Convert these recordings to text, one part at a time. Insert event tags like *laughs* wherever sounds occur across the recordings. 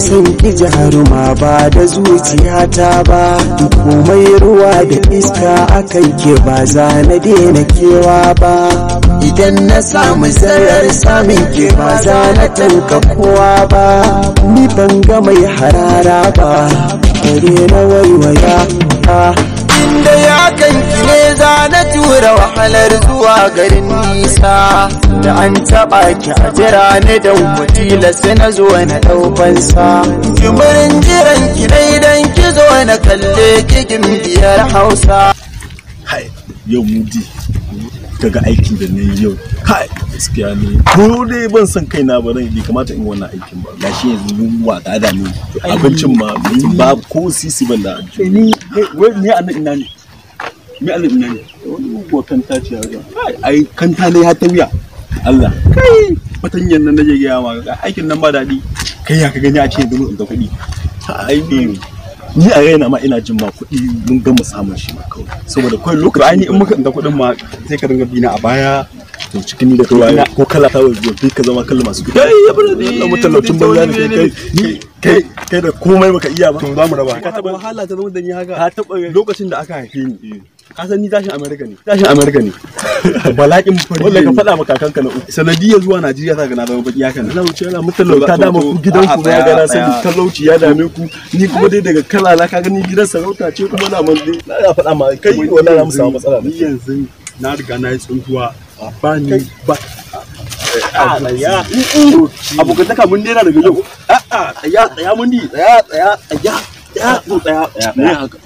sun ƙi jaruma ba da zuciyata ba duk komai ruwa da iska akan ke ba za na daina kewa ba idan na samu zarar samun ke ba za na tanka kowa ba ni ban ga mai harara ba bare na waiwaya inda ya kanki ne za na tura wahalar zuwa garin nisa da an taɓa ki a jira ne da wakila sai na zo na ɗaukansa jimirin jiran ki dai ki zo na kalle kigin biyar hausa hai yau mudi daga aikin da na yi yau kai gaskiya ne ko dai ban san kaina ba bai kamata in wannan aikin ba gashi yanzu wa ta da ni abincin ma ba ko sisi ban da eh, ni ni a ina ne me Allah ina ne wani mugu kanta ce ai kanta ne ya ta wuya Allah kai fatanyan nan nake gaya ma aikin nan ba daɗi kai ya ka gani a ce yanzu mun da kuɗi ai ne ni a yana ma ina jin ma kuɗi mun gama samun shi ma kawai saboda kawai lokaci ni in muka da kuɗin ma sai ka dinga bina a baya to cikin da kawai ko kala ta wajen bi ka zama kallon masu kuɗi ya yabra ni Allah mutalaucin banza ne kai kai kai da komai baka iya ba to za mu raba ka taba wahala ta zama da ni haka ka taba lokacin da aka haife ni eh. Kasan ni tashin america ne tashin america ne *laughs* balakin fari wallahi ka faɗa maka kanka na uku sanadiyar zuwa najeriya ta ga na zama baki haka na wuce yana mutalauta dama ku gidanku ba ga na sani talauci ya dame ku ni kuma dai daga kalala ka gani gidan sarauta ce kuma na man na faɗa ma kai wallahi na mu samu matsala ni yanzu na riga na yi tsuntuwa ah. ba ni ba ah, ah, mm, mm. abokantaka mun daina daga yau a'a tsaya tsaya mun di tsaya tsaya tsaya tsaya tsaya tsaya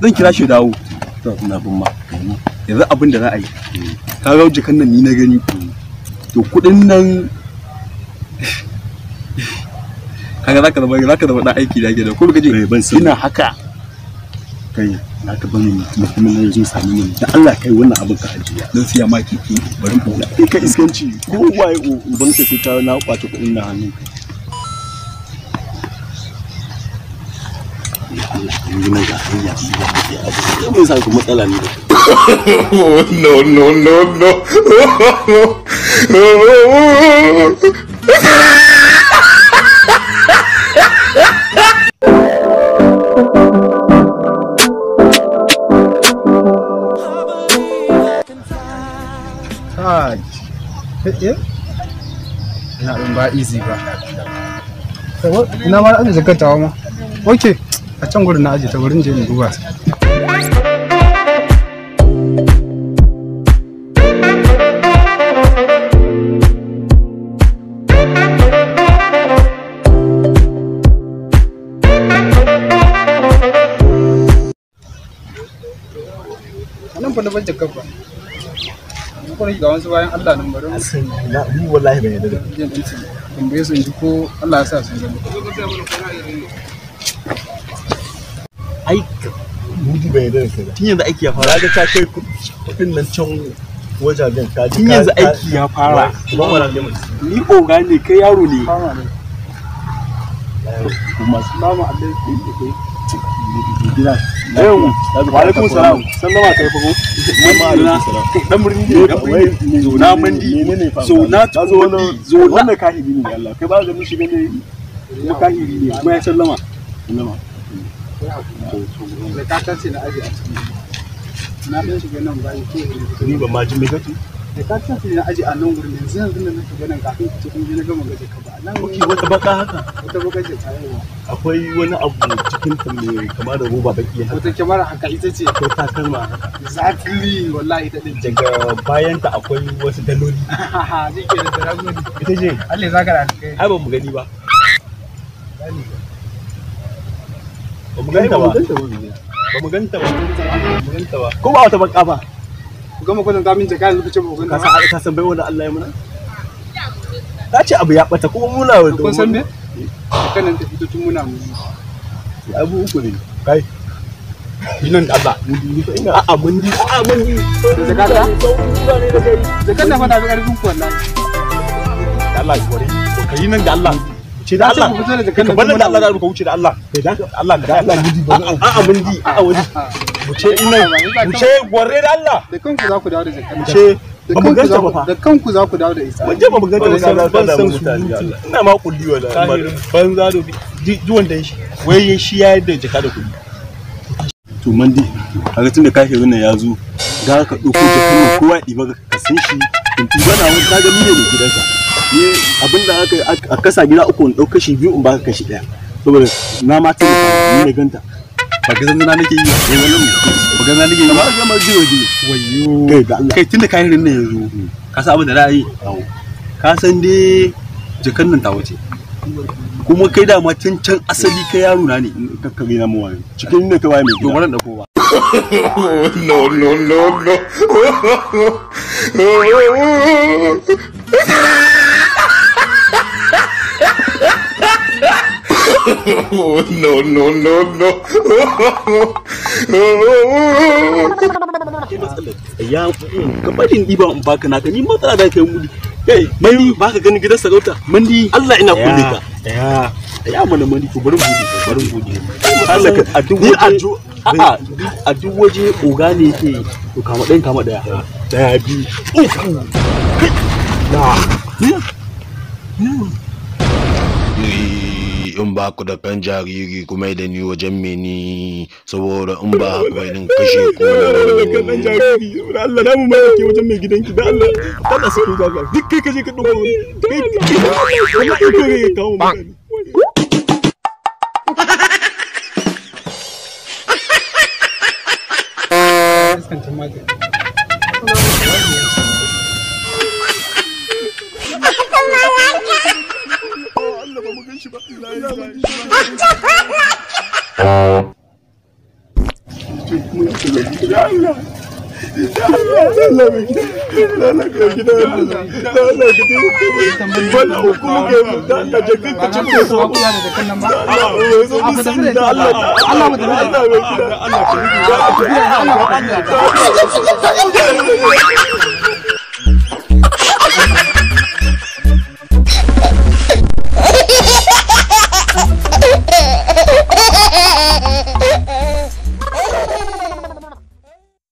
zan kira shi dawo to na bin ma yanzu abin da za a yi ka ga jikan nan ni na gani to kudin nan *laughs* kaga zaka zama zaka zama dan aiki da gida da ko kaje eh, ina haka kai na ka bani mutumin nan yanzu sami ne da Allah kai wannan abin ka ajiya dan siya ma kiki eh, bari mu kai iskanci ko waye uban ka ta na kwace kudin na hannun no, no, no, no. easy Okay. a can gurin na aji ta wurin je in duba nan fa na bar ba kuma ga wasu bayan Allah ni wallahi da tambaye ko Allah ya sa sun ai mudu bai da kai tun yanzu aiki ya fara ga ta kai kudin nan can wajajen ka tun yanzu aiki ya fara ni oga ne kai yaro ne kuma salamu alaikum yau wa alaikum salam sallama kai fago mamma dan murni ne da wai zona mandi so na zo wannan zo wannan kahiri ne Allah kai ba da mun ne kuma kahiri ne kuma ya sallama sallama a ni ma ji me da katar ce na aji a nan gurin yanzu yanzu nan kafin ki cikin gama gaje ka ba nan wata baka haka wata baka ce akwai wani abu cikin ta kama da roba baki haka wata haka ita ce akwai takalma exactly wallahi ta din daga bayan ta akwai wasu daloli ni ke da daloli ita ce Allah ya zaka da kai ai ba mu gani ba ba mu ganta ba ba mu ganta ba mu ganta ba ko ba wata baka ba ku gama kwatanta min jaka yanzu ku ba ku ganta ba ka san bai wanda Allah ya muna ta ce abu ya bata kuma muna wanda san me kanan ta fito tun muna mu abu uku ne kai mun mun ku wallahi. Allah ya nan da Allah. wuce da Allah ka bar da Allah da ka wuce da Allah Allah da Allah gidi ba a a mun di a waje wuce ina wuce gwarre da Allah da kanku za ku dawo da zakka wuce da kanku za ku da kanku za ku dawo da isa mun ba mu ganta ba sai ban san su ina ma kulli wala ban za do bi duwan wanda shi waye shi ya yadda jaka da kulli to mandi kaga tunda kake wannan ya zo ga ka dauko jakan kowa diba ka san shi in tuba na wani kaga mine ne gidansa ni abinda aka a kasa gida uku ɗau kashi biyu in baka kashi ɗaya saboda na ma ta ni da ganta ba ga zanna nake yi ba eh, wannan ba ga zanna nake yi ba ga ma jiwo ji kai da Allah kai tunda kayan yanzu hmm. ka san abin da ra'ayi ka san dai jakan nan ta ce kuma kai da ma can can asali kai yaro na ne a na mu wani cikin ne ka waye mai wannan *laughs* no no no no *laughs* oh, no, no, no, no. Ya, in ɗiba in baka naka, ni matsala kai Kai, mai baka ganin gidan sarauta, mandi Allah ina kulle ka. Ya, ya mana mandi ko Allah ka a duk waje a duk waje oga ne yake to kama kama ɗaya. Ɗaya biyu. Uku. Na. in ba ku da kan jariri ku mai da ni wajen me ni saboda in ba ku bai din kashe ku da kan jariri Allah na mu mai ke wajen mai gidanki da Allah Allah su ku ga duk kai kaje ka dubo kai Allah ku kare ka mu fuskanta magani. mu gan shi ba za mu gan